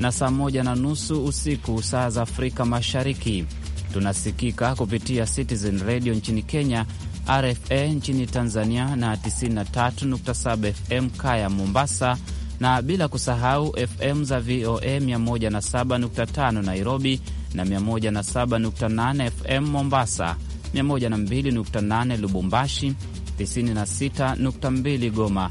na saa moja na nusu usiku saa za Afrika Mashariki. Tunasikika kupitia Citizen Radio nchini Kenya, RFA nchini Tanzania na 93.7 FM Kaya Mombasa, na bila kusahau FM za VOA 107.5 Nairobi na 107.8 FM Mombasa, 102.8 Lubumbashi, 96.2 Goma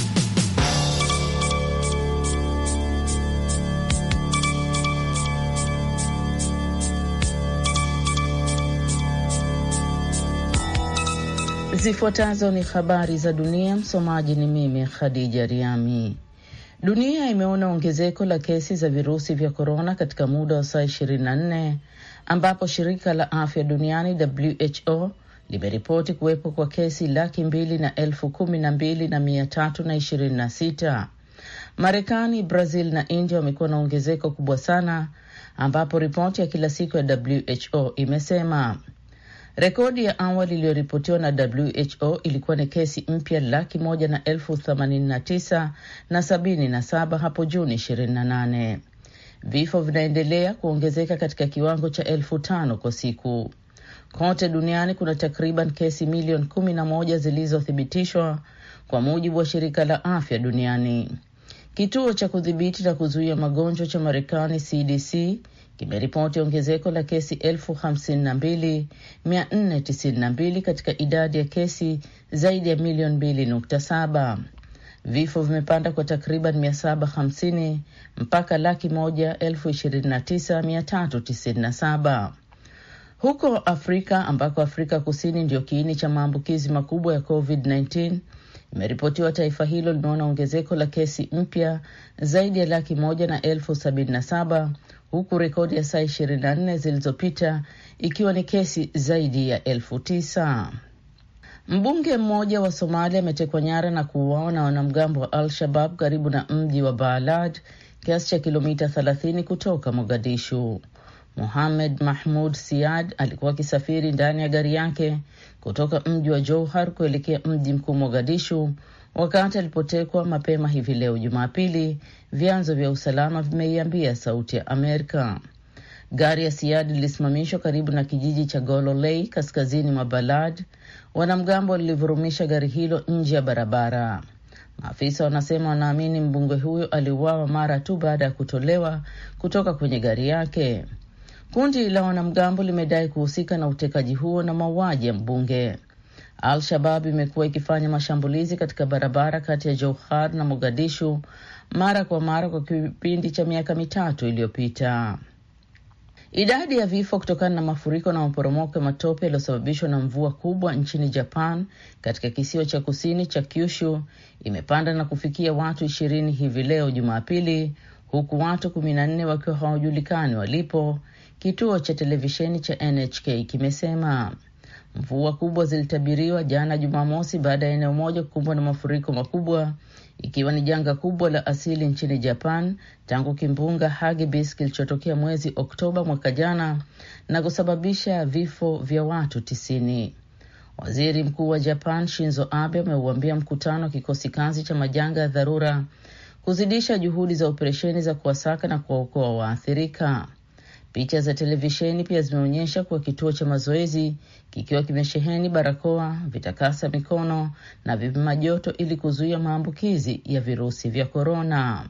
Zifuatazo ni habari za dunia. Msomaji ni mimi Khadija Riami. Dunia imeona ongezeko la kesi za virusi vya korona katika muda wa saa 24 ambapo shirika la afya duniani WHO limeripoti kuwepo kwa kesi laki mbili na elfu kumi na mbili na mia tatu na ishirini na sita. Marekani, Brazil na India wamekuwa na ongezeko kubwa sana, ambapo ripoti ya kila siku ya WHO imesema Rekodi ya awali iliyoripotiwa na WHO ilikuwa ni kesi mpya laki moja na elfu themanini na tisa na sabini na saba hapo Juni 28. Vifo vinaendelea kuongezeka katika kiwango cha elfu tano kwa siku. Kote duniani kuna takriban kesi milioni kumi na moja zilizothibitishwa kwa mujibu wa shirika la afya duniani. Kituo cha kudhibiti na kuzuia magonjwa cha Marekani CDC kimeripoti ongezeko la kesi 52492 katika idadi ya kesi zaidi ya milioni 2.7. Vifo vimepanda kwa takriban 750 mpaka laki moja saba huko Afrika ambako Afrika Kusini ndiyo kiini cha maambukizi makubwa ya COVID-19 imeripotiwa. Taifa hilo limeona ongezeko la kesi mpya zaidi ya laki moja na elfu sabini na saba huku rekodi ya saa ishirini na nne zilizopita ikiwa ni kesi zaidi ya elfu tisa. Mbunge mmoja wa Somalia ametekwa nyara na kuuawa na wanamgambo wa Al-Shabab karibu na mji wa Baalad, kiasi cha kilomita 30 kutoka Mogadishu. Muhamed Mahmud Siad alikuwa akisafiri ndani ya gari yake kutoka mji wa Johar kuelekea mji mkuu Mogadishu wakati alipotekwa mapema hivi leo Jumapili, vyanzo vya usalama vimeiambia Sauti ya Amerika. Gari ya Siad lilisimamishwa karibu na kijiji cha Gololei kaskazini mwa Balad. Wanamgambo walilivurumisha gari hilo nje ya barabara. Maafisa wanasema wanaamini mbunge huyo aliuawa mara tu baada ya kutolewa kutoka kwenye gari yake. Kundi la wanamgambo limedai kuhusika na utekaji huo na mauaji ya mbunge. Al-Shabab imekuwa ikifanya mashambulizi katika barabara kati ya Jowhar na Mogadishu mara kwa mara kwa kipindi cha miaka mitatu iliyopita. Idadi ya vifo kutokana na mafuriko na maporomoko ya matope yaliyosababishwa na mvua kubwa nchini Japan katika kisiwa cha kusini cha Kyushu imepanda na kufikia watu ishirini hivi leo Jumapili, huku watu kumi na nne wakiwa hawajulikani walipo, kituo cha televisheni cha NHK kimesema. Mvua kubwa zilitabiriwa jana Jumamosi baada ya eneo moja kukumbwa na mafuriko makubwa, ikiwa ni janga kubwa la asili nchini Japan tangu kimbunga Hagibis kilichotokea mwezi Oktoba mwaka jana na kusababisha vifo vya watu tisini. Waziri Mkuu wa Japan Shinzo Abe ameuambia mkutano wa kikosi kazi cha majanga ya dharura kuzidisha juhudi za operesheni za kuwasaka na kuwaokoa waathirika. Picha za televisheni pia zimeonyesha kuwa kituo cha mazoezi kikiwa kimesheheni barakoa, vitakasa mikono na vipima joto ili kuzuia maambukizi ya virusi vya korona.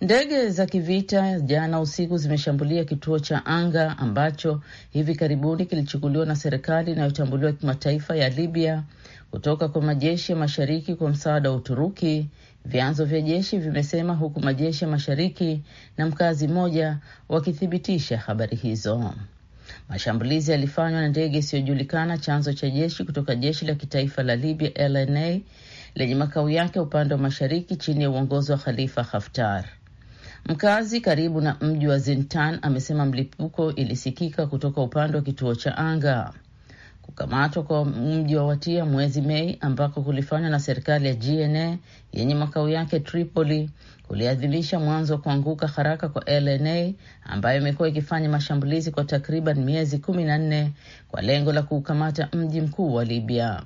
Ndege za kivita jana usiku zimeshambulia kituo cha anga ambacho hivi karibuni kilichukuliwa na serikali inayotambuliwa kimataifa ya Libya kutoka kwa majeshi ya mashariki kwa msaada wa Uturuki vyanzo vya jeshi vimesema, huku majeshi ya mashariki na mkazi mmoja wakithibitisha habari hizo. Mashambulizi yalifanywa na ndege isiyojulikana, chanzo cha jeshi kutoka jeshi la kitaifa la Libya LNA lenye makao yake upande wa mashariki chini ya uongozi wa Khalifa Haftar. Mkazi karibu na mji wa Zintan amesema mlipuko ilisikika kutoka upande wa kituo cha anga. Kukamatwa kwa mji wa Watia mwezi Mei ambako kulifanywa na serikali ya GNA yenye makao yake Tripoli kuliadhimisha mwanzo wa kuanguka haraka kwa LNA ambayo imekuwa ikifanya mashambulizi kwa takriban miezi kumi na nne kwa lengo la kuukamata mji mkuu wa Libya.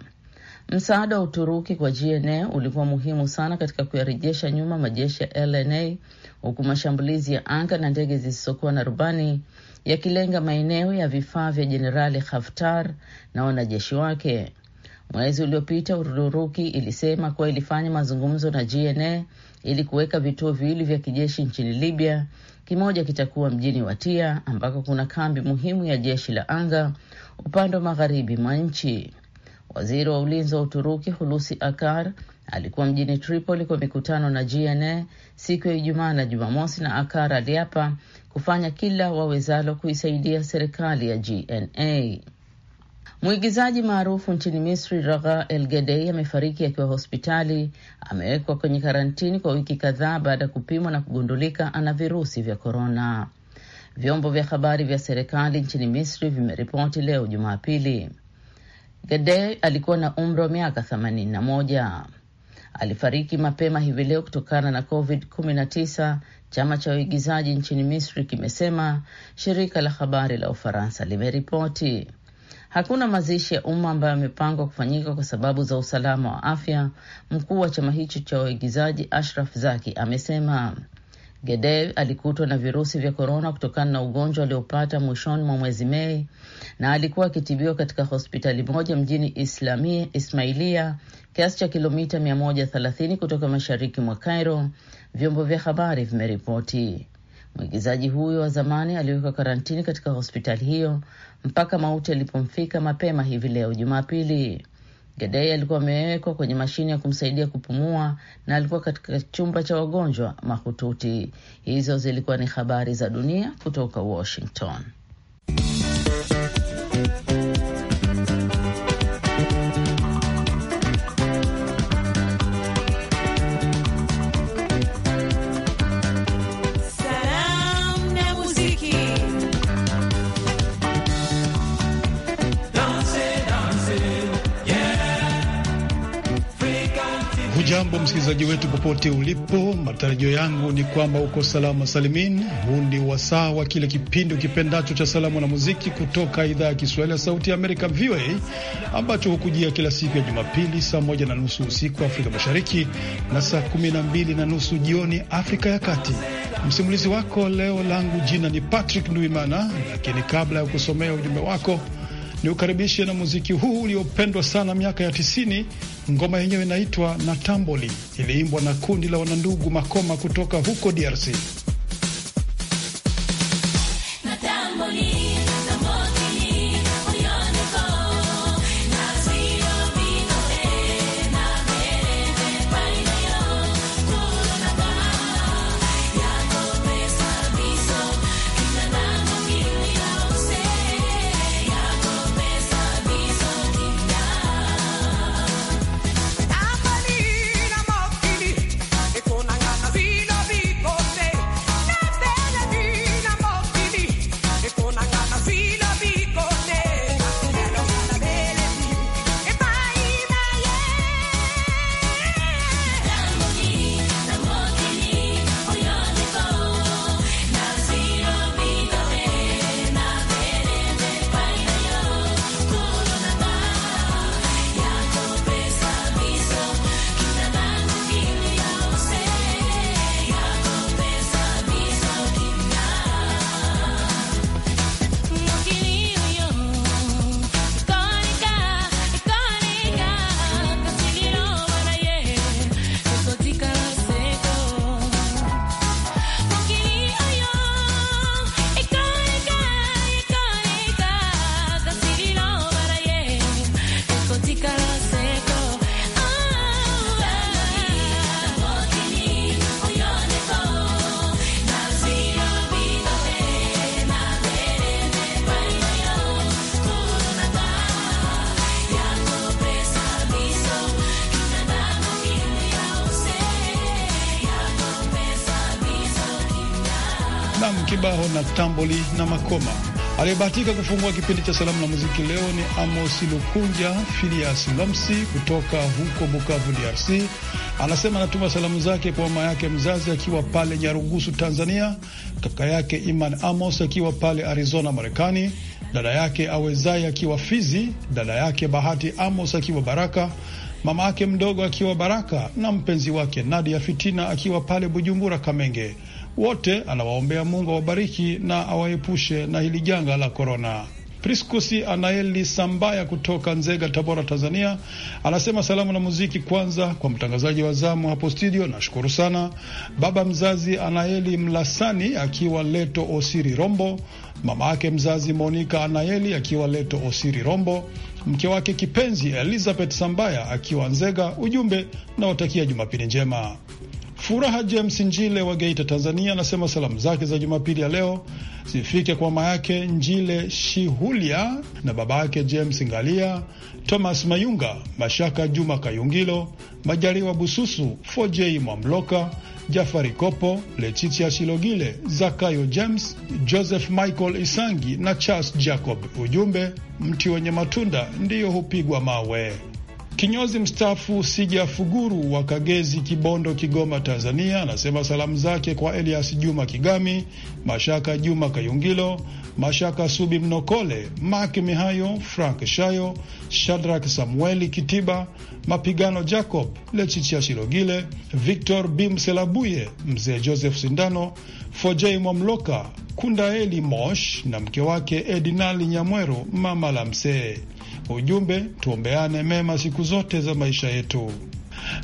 Msaada wa Uturuki kwa GNA ulikuwa muhimu sana katika kuyarejesha nyuma majeshi ya LNA huku mashambulizi ya anga na ndege zisizokuwa na rubani yakilenga maeneo ya vifaa vya Jenerali Haftar na wanajeshi wake. Mwezi uliopita Uturuki ilisema kuwa ilifanya mazungumzo na GNA ili kuweka vituo viwili vya kijeshi nchini Libya. Kimoja kitakuwa mjini Watia ambako kuna kambi muhimu ya jeshi la anga upande wa magharibi mwa nchi. Waziri wa ulinzi wa Uturuki Hulusi Akar alikuwa mjini Tripoli kwa mikutano na GNA siku ya Ijumaa na Jumamosi, na Akar aliapa kufanya kila wawezalo kuisaidia serikali ya GNA. Mwigizaji maarufu nchini Misri Ragha El Gedei amefariki akiwa hospitali. Amewekwa kwenye karantini kwa wiki kadhaa baada ya kupimwa na kugundulika ana virusi vya korona. Vyombo vya habari vya serikali nchini Misri vimeripoti leo Jumapili. Gedei alikuwa na umri wa miaka moja alifariki mapema hivi leo kutokana na COVID-19, chama cha uigizaji nchini Misri kimesema, shirika la habari la Ufaransa limeripoti. Hakuna mazishi ya umma ambayo yamepangwa kufanyika kwa sababu za usalama wa afya. Mkuu wa chama hicho cha uigizaji Ashraf Zaki amesema Gedev alikutwa na virusi vya korona kutokana na ugonjwa aliopata mwishoni mwa mwezi Mei na alikuwa akitibiwa katika hospitali moja mjini Ismailia kiasi cha kilomita 130 kutoka mashariki mwa Cairo, vyombo vya habari vimeripoti. Mwigizaji huyo wa zamani aliwekwa karantini katika hospitali hiyo mpaka mauti alipomfika mapema hivi leo Jumapili. Gedei alikuwa amewekwa kwenye mashine ya kumsaidia kupumua na alikuwa katika chumba cha wagonjwa mahututi. Hizo zilikuwa ni habari za dunia kutoka Washington. Jambo msikilizaji wetu popote ulipo, matarajio yangu ni kwamba uko salama salimin. Huu ni wasaa wa kile kipindi ukipendacho cha salamu na muziki kutoka idhaa ya Kiswahili ya Sauti ya Amerika, VOA, ambacho hukujia kila siku ya Jumapili saa moja na nusu usiku Afrika Mashariki na saa kumi na mbili na nusu jioni Afrika ya Kati. Msimulizi wako leo langu jina ni Patrick Nduimana, lakini kabla ya kusomea ujumbe wako ni ukaribishe na muziki huu uliopendwa sana miaka ya tisini. Ngoma yenyewe inaitwa Natamboli, iliimbwa na kundi la wanandugu Makoma kutoka huko DRC. nam kibao na tamboli na makoma. Aliyebahatika kufungua kipindi cha salamu na muziki leo ni Amos Lukunja Filias Lamsi kutoka huko Bukavu, DRC. Anasema anatuma salamu zake kwa mama yake mzazi akiwa pale Nyarugusu, Tanzania, kaka yake Iman Amos akiwa pale Arizona, Marekani, dada yake Awezai akiwa Fizi, dada yake Bahati Amos akiwa Baraka, mama yake mdogo akiwa Baraka na mpenzi wake Nadia Fitina akiwa pale Bujumbura, Kamenge. Wote anawaombea Mungu awabariki na awaepushe na hili janga la korona. Priskusi Anaeli Sambaya kutoka Nzega, Tabora, Tanzania, anasema salamu na muziki kwanza kwa mtangazaji wa zamu hapo studio, nashukuru sana. Baba mzazi Anaeli Mlasani akiwa Leto Osiri Rombo, mama yake mzazi Monika Anaeli akiwa Leto Osiri Rombo, mke wake kipenzi Elizabeth Sambaya akiwa Nzega. Ujumbe nawatakia Jumapili njema. Furaha James Njile wa Geita, Tanzania, anasema salamu zake za Jumapili ya leo zifike kwa mama yake Njile Shihulia na baba yake James Ngalia, Thomas Mayunga, Mashaka Juma Kayungilo, Majaliwa Bususu, Fojei Mwamloka, Jafari Kopo, Letitia Shilogile, Zakayo James, Joseph Michael Isangi na Charles Jacob. Ujumbe, mti wenye matunda ndiyo hupigwa mawe. Kinyozi mstaafu Sija Fuguru wa Kagezi, Kibondo, Kigoma, Tanzania, anasema salamu zake kwa Elias Juma Kigami, Mashaka Juma Kayungilo, Mashaka Subi Mnokole, Mak Mihayo, Frank Shayo, Shadrak Samueli Kitiba, Mapigano Jacob, Lechichia shirogile Victor Bimselabuye, Mzee Joseph Sindano, Fojei Mwamloka, Kundaeli Mosh na mke wake Edinali Nyamwero, mama la msee Ujumbe, tuombeane mema siku zote za maisha yetu.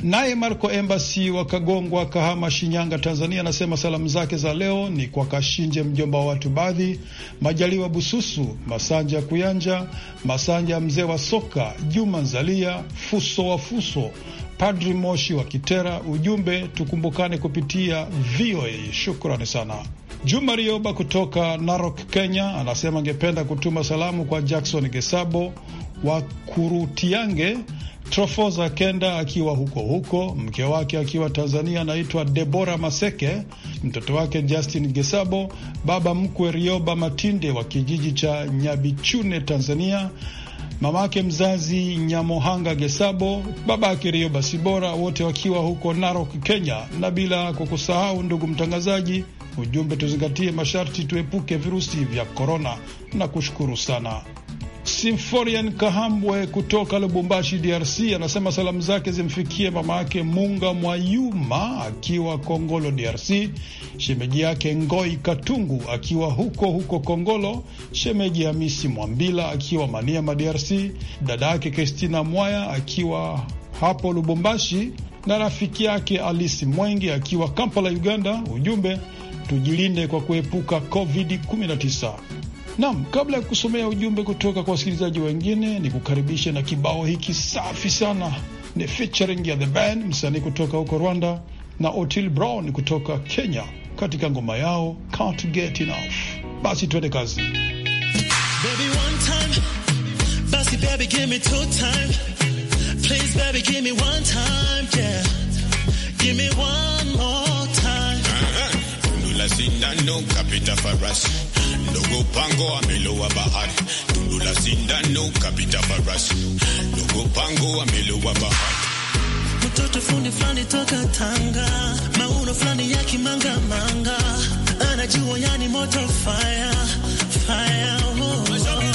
Naye Marco Embasi wa Kagongwa, Kahama, Shinyanga, Tanzania, anasema salamu zake za leo ni kwa Kashinje, mjomba wa watu baadhi Majaliwa Bususu, Masanja Kuyanja, Masanja mzee wa soka, Juma Nzalia, Fuso wa Fuso, Padri Moshi wa Kitera. Ujumbe, tukumbukane kupitia VOA. Shukrani sana. Juma Rioba kutoka Narok, Kenya, anasema angependa kutuma salamu kwa Jackson Gesabo wa Kurutiange, Trofoza Kenda akiwa huko huko, mke wake akiwa Tanzania anaitwa Debora Maseke, mtoto wake Justin Gesabo, baba mkwe Rioba Matinde wa kijiji cha Nyabichune, Tanzania, mamake mzazi Nyamohanga Gesabo, babake Rioba Sibora, wote wakiwa huko Narok, Kenya, na bila kukusahau ndugu mtangazaji ujumbe tuzingatie masharti, tuepuke virusi vya korona na kushukuru sana. Simforian Kahambwe kutoka Lubumbashi, DRC, anasema salamu zake zimfikie mama yake Munga Mwayuma akiwa Kongolo, DRC, shemeji yake Ngoi Katungu akiwa huko huko Kongolo, shemeji Hamisi Mwambila akiwa Maniema, DRC, dada yake Kristina Mwaya akiwa hapo Lubumbashi na rafiki yake Alisi Mwengi akiwa Kampala, Uganda. Ujumbe tujilinde kwa kuepuka COVID-19. Nam, kabla ya kusomea ujumbe kutoka kwa wasikilizaji wengine, ni kukaribisha na kibao hiki safi sana. Ni featuring ya The Band, msanii kutoka huko Rwanda na Otil Brown kutoka Kenya, katika ngoma yao Can't Get Enough. Basi tuende kazi. Baby, one time. Basi baby, la sindano kapita farasi dogo pango amelowa bahari tundu la sindano kapita farasi dogo pango amelowa bahari mtoto fundi fulani toka Tanga mauno fulani ya kimanga manga anajua yani moto fire fire oh, oh.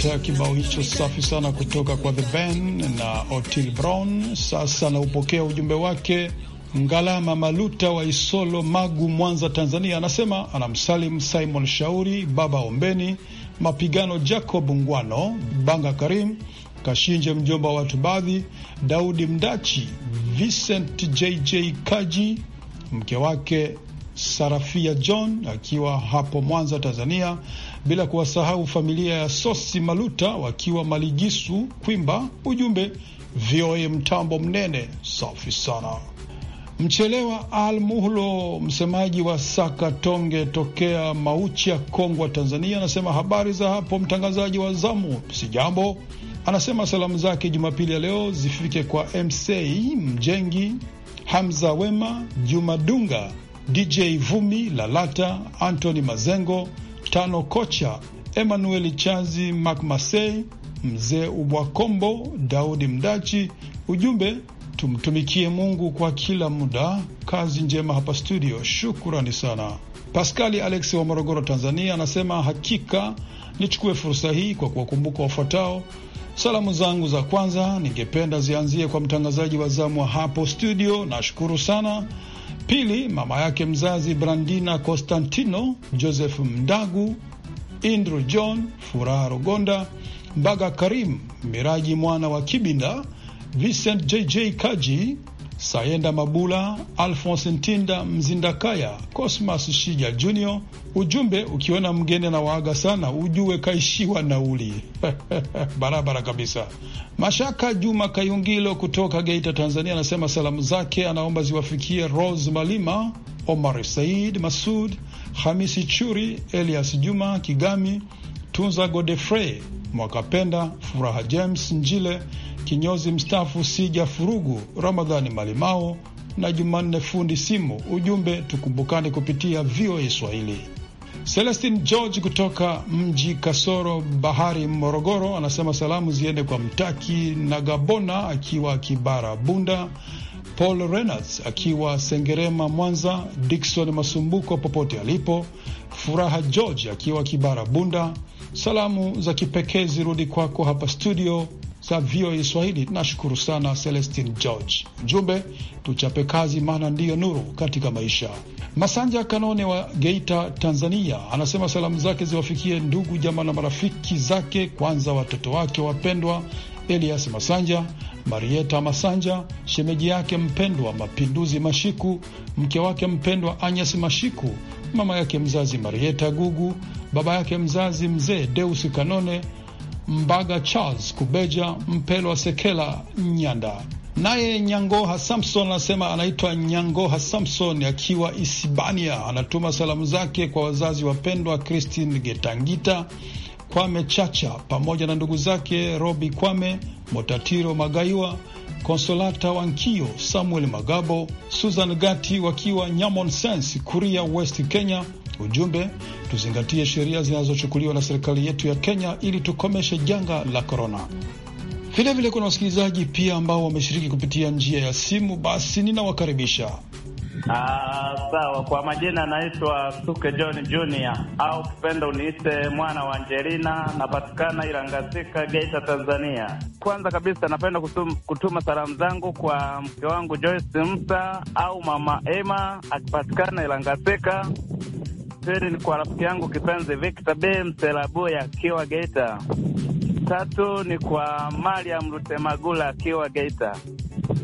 kupata kibao hicho safi sana kutoka kwa The Ben na Otil Brown. Sasa naupokea ujumbe wake Ngalama Maluta wa Isolo, Magu, Mwanza, Tanzania. Anasema anamsalimu Simon Shauri, Baba Ombeni, Mapigano, Jacob Ngwano, Banga Karim Kashinje, mjomba wa watu baadhi, Daudi Mdachi, Vincent JJ Kaji, mke wake Sarafia John akiwa hapo Mwanza, Tanzania bila kuwasahau familia ya Sosi Maluta wakiwa Maligisu Kwimba. Ujumbe VOA mtambo mnene, safi sana. Mchelewa Al Muhlo, msemaji wa Sakatonge tokea Mauchi ya Kongwa, Tanzania, anasema habari za hapo mtangazaji wa zamu, si jambo. Anasema salamu zake Jumapili ya leo zifike kwa MC Mjengi, Hamza Wema, Juma Dunga, DJ Vumi, Lalata, Anthony Mazengo tano kocha Emmanuel Chanzi Macmasey, mzee Ubwakombo, Daudi Mdachi. Ujumbe, tumtumikie Mungu kwa kila muda. Kazi njema hapa studio, shukurani sana. Paskali Alex wa Morogoro, Tanzania, anasema hakika nichukue fursa hii kwa kuwakumbuka wafuatao. Salamu zangu za kwanza ningependa zianzie kwa mtangazaji wa zamu wa hapo studio, nashukuru sana Pili, mama yake mzazi Brandina Constantino, Joseph Mdagu, Indru John, Furaha Rogonda, Mbaga Karim, Miraji mwana wa Kibinda, Vincent JJ Kaji, Sayenda Mabula, Alphonse Ntinda Mzindakaya, Cosmas Shija Junior. Ujumbe ukiona mgeni na waaga sana, ujue kaishiwa nauli barabara kabisa. Mashaka Juma Kayungilo kutoka Geita, Tanzania, anasema salamu zake anaomba ziwafikie Rose Malima, Omar Said Masud, Hamisi Churi, Elias Juma Kigami Tunza Godefrey Mwakapenda, Furaha James Njile, kinyozi mstaafu Sija Furugu, Ramadhani Malimao na Jumanne Fundi Simu. Ujumbe, tukumbukane kupitia VOA Swahili. Celestin George kutoka mji Kasoro Bahari, Morogoro, anasema salamu ziende kwa Mtaki na Gabona akiwa Kibara Bunda, Paul Renards akiwa Sengerema Mwanza, Dikson Masumbuko popote alipo, Furaha George akiwa Kibara Bunda, Salamu za kipekee zirudi kwako hapa studio za VOA Swahili. Nashukuru sana Celestin George. Mjumbe, tuchape kazi, maana ndiyo nuru katika maisha. Masanja Kanone wa Geita, Tanzania, anasema salamu zake ziwafikie ndugu, jamaa na marafiki zake, kwanza watoto wake wapendwa Elias Masanja, Marieta Masanja, shemeji yake mpendwa Mapinduzi Mashiku, mke wake mpendwa Anyas Mashiku, mama yake mzazi Marieta Gugu, baba yake mzazi mzee deus Kanone Mbaga Charles Kubeja Mpelwa Sekela Nyanda. Naye Nyangoha Samson anasema anaitwa Nyangoha Samson akiwa Isibania, anatuma salamu zake kwa wazazi wapendwa Christine Getangita Kwame Chacha pamoja na ndugu zake Robi Kwame Motatiro Magaiwa, Konsolata Wankio, Samuel Magabo, Susan Gati wakiwa Nyamon Sense, Kuria West Kenya, Ujumbe, tuzingatie sheria zinazochukuliwa na serikali yetu ya Kenya ili tukomeshe janga la korona. Vilevile kuna wasikilizaji pia ambao wameshiriki kupitia njia ya simu, basi ninawakaribisha. Ah, sawa. Kwa majina naitwa Suke John Junior au kupenda uniite mwana wa Angelina, napatikana Ilangasika, Geita, Tanzania. Kwanza kabisa napenda kutum, kutuma salamu zangu kwa mke wangu Joyce Msa au mama Emma akipatikana Ilangasika pili ni kwa rafiki yangu kipenzi Victor B Mselabuya akiwa Geita. Tatu ni kwa Mariam Rutemagula akiwa Geita.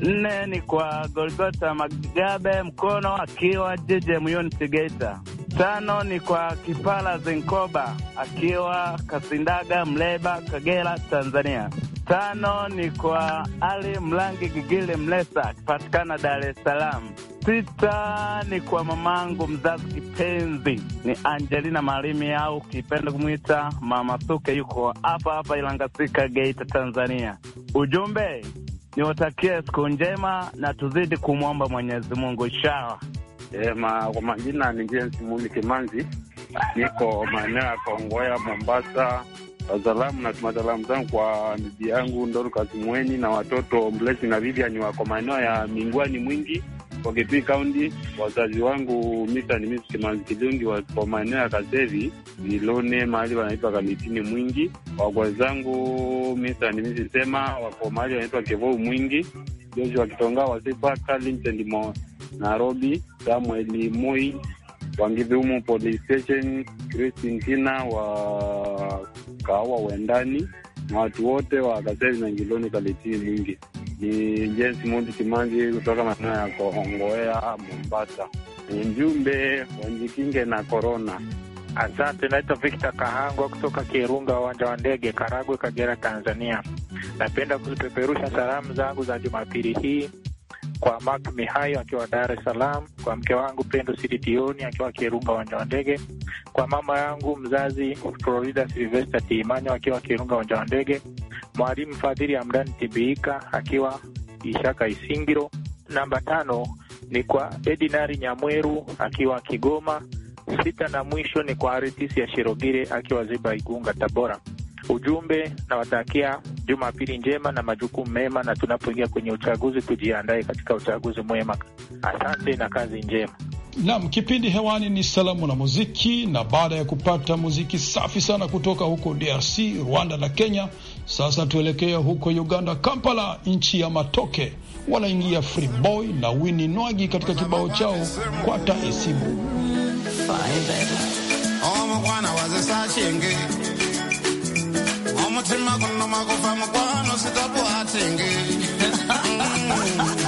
Nne ni kwa Golgota Magabe Mkono akiwa JJM Unity Geita. Tano ni kwa Kipala Zinkoba akiwa Kasindaga Mleba Kagera Tanzania. Tano ni kwa Ali Mlangi Gigile Mlesa akipatikana Dar es Salaam sita ni kwa mamangu mzazi kipenzi, ni Angelina Malimi au kipenda kumwita Mama Suke, yuko hapa hapa Ilangasika, Geita, Tanzania. Ujumbe niwatakie siku njema na tuzidi kumwomba Mwenyezi Mungu shawa jema. Kwa majina ni James Muni Kimanzi, niko maeneo ya Kongoya, Mombasa. Salamu na salamu zangu kwa bibi yangu Ndoro Kazimweni na watoto Mlezi na Vivian wako maeneo ya Mingwani Mwingi kwa Kitui Kaunti. Wazazi wangu Mr. ni Mrs. Kimanzi Kilungi kwa maeneo ya Kaseri Vilone, mahali wanaitwa Kamitini Mwingi. Wakwe zangu Mr. ni Mrs. Sema wa kwa mahali wanaitwa Kevou Mwingi. wa Kitonga wa Wasipaka, Vincent Mo Nairobi, Samuel Moi Wangithumu Police Station, Christine Tina wa Kawa Wendani na watu wote wa Kaseri na Ngiloni Kalitini Mwingi ni James Mudi Kimanji kutoka maeneo ya kohongoea Mombasa. Ni mjumbe wajikinge na korona. Asante. Naitwa Victor Kahangwa kutoka Kirunga, uwanja wa ndege Karagwe, Kagera, Tanzania. Napenda kuzipeperusha salamu zangu za Jumapili hii kwa Mak Mihayo akiwa Dar es Salaam, kwa mke wangu Pendo Silitioni akiwa Kirunga uwanja wa ndege, kwa mama yangu mzazi Florida Silvesta tiimanyo akiwa Kirunga uwanja wa ndege, mwalimu Fadhili amdani Tibiika akiwa Ishaka Isingiro. Namba tano ni kwa Edinari Nyamweru akiwa Kigoma. Sita na mwisho ni kwa Aritisi ya Shirogire akiwa Ziba Igunga Tabora ujumbe na watakia Jumapili njema na majukumu mema, na tunapoingia kwenye uchaguzi tujiandae katika uchaguzi mwema. Asante na kazi njema. Nam kipindi hewani ni salamu na muziki, na baada ya kupata muziki safi sana kutoka huko DRC, Rwanda na Kenya, sasa tuelekea huko Uganda, Kampala, nchi ya matoke. Wanaingia Freeboy na Wini Nwagi katika kibao chao kwa taisibu eh. oh, mutima she makufa mukwano sikapu atingi mm.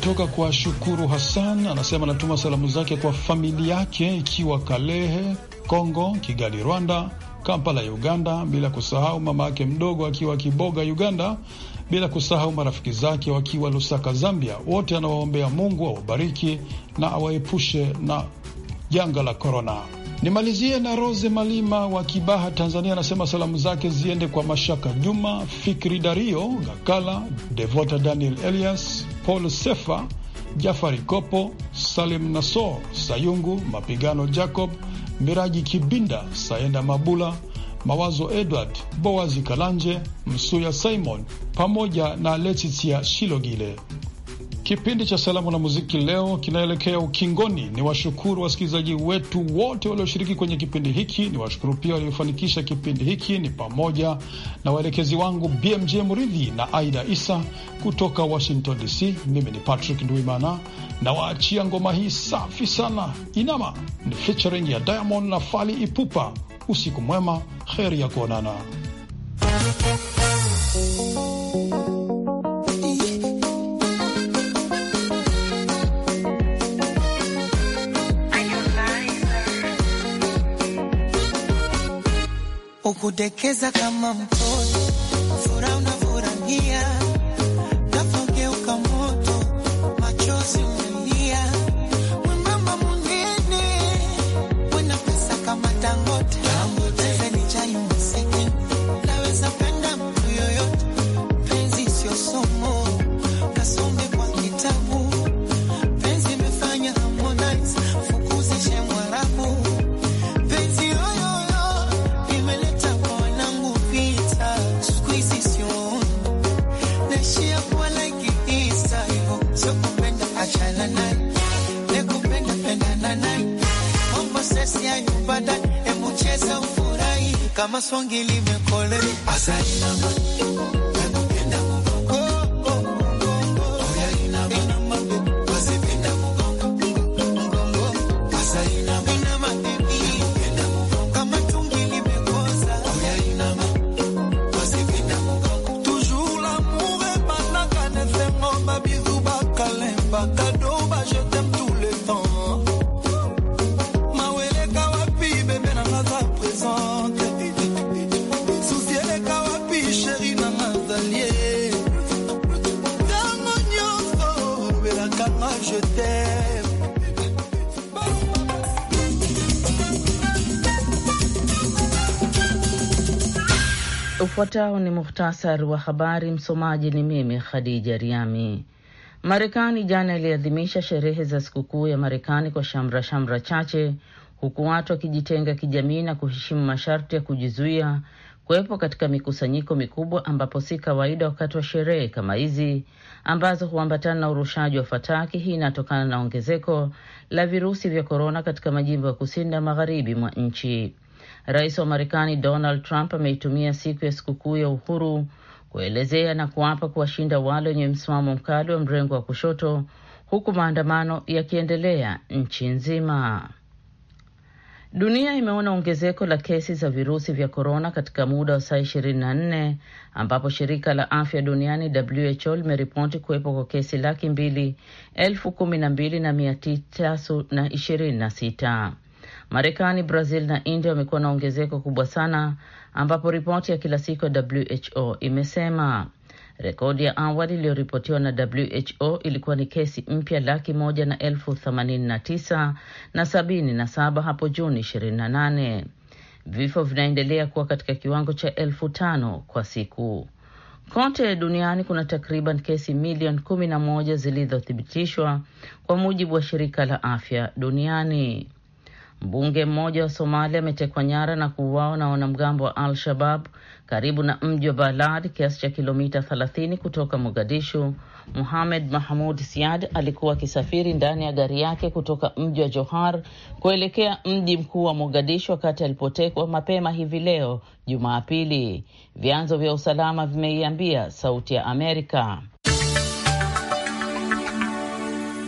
kutoka kwa Shukuru Hassan anasema anatuma salamu zake kwa familia yake ikiwa Kalehe, Kongo, Kigali, Rwanda, Kampala ya Uganda, bila kusahau mama yake mdogo akiwa Kiboga, Uganda, bila kusahau marafiki zake wakiwa Lusaka, Zambia. Wote anawaombea Mungu awabariki na awaepushe na janga la korona. Nimalizie na Rose Malima wa Kibaha, Tanzania, anasema salamu zake ziende kwa Mashaka Juma, Fikri Dario Gakala, Devota Daniel Elias Paul Sefa, Jafari Kopo, Salim Nasor Sayungu, Mapigano Jacob, Miraji Kibinda, Saenda Mabula, Mawazo Edward, Boazi Kalanje, Msuya Simon pamoja na Letitia Shilogile. Kipindi cha salamu na muziki leo kinaelekea ukingoni. Ni washukuru wasikilizaji wetu wote walioshiriki kwenye kipindi hiki. Ni washukuru pia waliofanikisha kipindi hiki, ni pamoja na waelekezi wangu BMJ mridhi na Aida Isa kutoka Washington DC. Mimi ni Patrick Nduimana na waachia ngoma hii safi sana, Inama ni featuring ya Diamond na Fali Ipupa. Usiku mwema, heri ya kuonana. kudekeza kama mtoto, furaha unavyorangia kama swangi limekolea Ufuatao ni muhtasari wa habari. Msomaji ni mimi Khadija Riami. Marekani jana iliadhimisha sherehe za sikukuu ya Marekani kwa shamra shamra chache, huku watu wakijitenga kijamii na kuheshimu masharti ya kujizuia kuwepo katika mikusanyiko mikubwa, ambapo si kawaida wakati wa sherehe kama hizi ambazo huambatana na urushaji wa fataki. Hii inatokana na ongezeko la virusi vya korona katika majimbo ya kusini na magharibi mwa nchi rais wa Marekani Donald Trump ameitumia siku ya sikukuu ya uhuru kuelezea na kuapa kuwashinda wale wenye msimamo mkali wa mrengo wa kushoto huku maandamano yakiendelea nchi nzima. Dunia imeona ongezeko la kesi za virusi vya korona katika muda wa saa 24 ambapo shirika la afya duniani WHO limeripoti kuwepo kwa kesi laki mbili elfu kumi na mbili na mia tisa na ishirini na sita. Marekani, Brazil na India wamekuwa na ongezeko kubwa sana, ambapo ripoti ya kila siku ya WHO imesema rekodi ya awali iliyoripotiwa na WHO ilikuwa ni kesi mpya laki moja na elfu themanini na tisa na sabini na saba hapo Juni 28. Vifo vinaendelea kuwa katika kiwango cha elfu tano kwa siku. Kote duniani kuna takriban kesi milioni kumi na moja zilizothibitishwa kwa mujibu wa shirika la afya duniani. Mbunge mmoja wa Somalia ametekwa nyara na kuuawa na wanamgambo wa Al Shabab karibu na mji wa Balad, kiasi cha kilomita 30 kutoka Mogadishu. Muhamed Mahmud Siad alikuwa akisafiri ndani ya gari yake kutoka mji wa Johar kuelekea mji mkuu wa Mogadishu wakati alipotekwa mapema hivi leo Jumapili, vyanzo vya usalama vimeiambia Sauti ya Amerika.